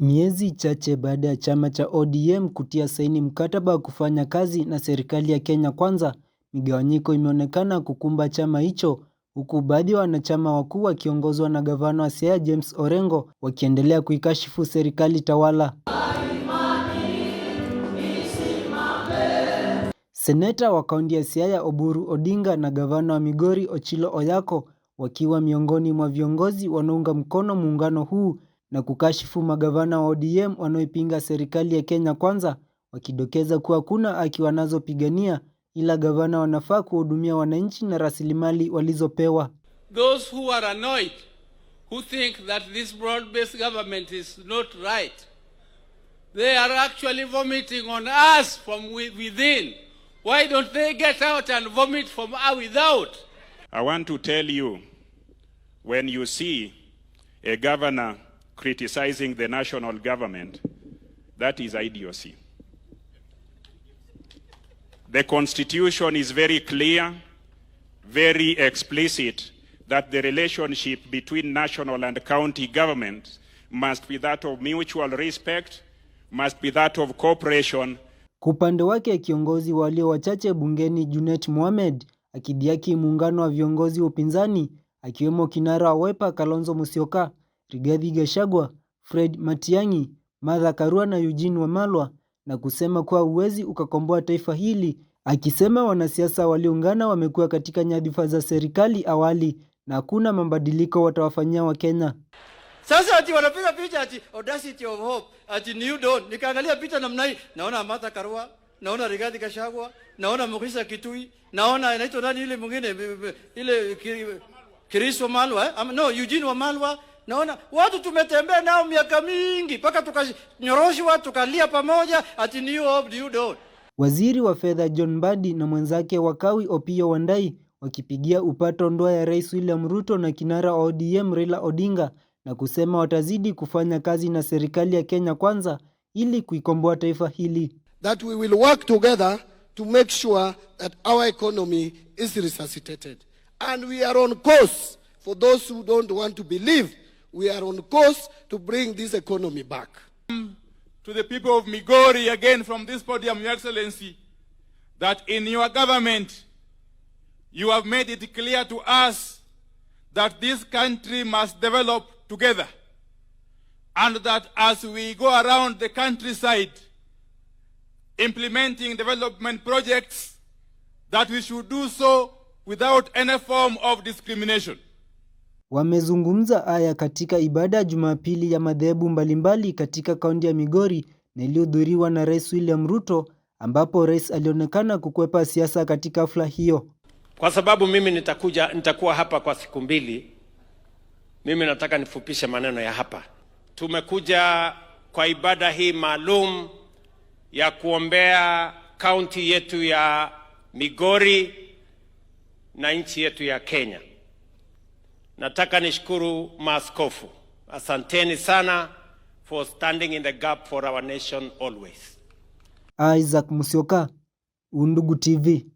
Miezi chache baada ya chama cha ODM kutia saini mkataba wa kufanya kazi na serikali ya Kenya Kwanza, migawanyiko imeonekana kukumba chama hicho huku baadhi ya wanachama wakuu wakiongozwa na gavana wa Siaya James Orengo wakiendelea kuikashifu serikali tawala. Seneta wa kaunti ya Siaya Oburu Odinga na gavana wa Migori Ochilo Oyako wakiwa miongoni mwa viongozi wanaunga mkono muungano huu na kukashifu magavana wa ODM wanaoipinga serikali ya Kenya Kwanza, wakidokeza kuwa hakuna haki wanazopigania ila gavana wanafaa kuhudumia wananchi na rasilimali walizopewa. Those who are annoyed who think that this broad-based government is not right they are actually vomiting on us from within. Why don't they get out and vomit from without? I want to tell you when you see a governor criticizing the national government, that is idiocy. The Constitution is very clear, very explicit, that the relationship between national and county government must be that of mutual respect, must be that of cooperation. Kwa upande wake kiongozi walio wachache bungeni Junet Mohamed akidiaki muungano wa viongozi wa upinzani akiwemo kinara wa Wiper Kalonzo Musyoka Rigathi Gachagua, Fred Matiang'i, Martha Karua na Eugene Wamalwa na kusema kuwa huwezi ukakomboa taifa hili, akisema wanasiasa walioungana wamekuwa katika nyadhifa za serikali awali na hakuna mabadiliko watawafanyia Wakenya. Sasa ati wanapiga picha ati audacity of hope ati new dawn. Nikaangalia picha namna hii, naona Martha Karua, naona Rigathi Gachagua, naona Mukisa Kitui, naona inaitwa nani ile mwingine ile Chris Wamalwa eh? No, Eugene Wamalwa Naona watu tumetembea nao miaka mingi mpaka tukanyoroshwa tukalia pamoja ati ni you old you don't. Waziri wa fedha John Mbadi na mwenzake Wakawi Opiyo Wandai wakipigia upato ndoa ya Rais William Ruto na kinara wa ODM Raila Odinga na kusema watazidi kufanya kazi na serikali ya Kenya Kwanza ili kuikomboa taifa hili. That we will work together to make sure that our economy is resuscitated and we are on course for those who don't want to believe we are on course to bring this economy back. Um, to the people of Migori, again from this podium, Your Excellency, that in your government, you have made it clear to us that this country must develop together. And that as we go around the countryside implementing development projects, that we should do so without any form of discrimination. Wamezungumza haya katika ibada ya Jumapili ya madhehebu mbalimbali katika kaunti ya Migori na iliyohudhuriwa na Rais William Ruto ambapo rais alionekana kukwepa siasa katika hafla hiyo. Kwa sababu mimi nitakuja, nitakuwa hapa kwa siku mbili, mimi nataka nifupishe maneno ya hapa. Tumekuja kwa ibada hii maalum ya kuombea kaunti yetu ya Migori na nchi yetu ya Kenya. Nataka nishukuru maaskofu, asanteni sana for standing in the gap for our nation always. Isaac musioka Undugu TV.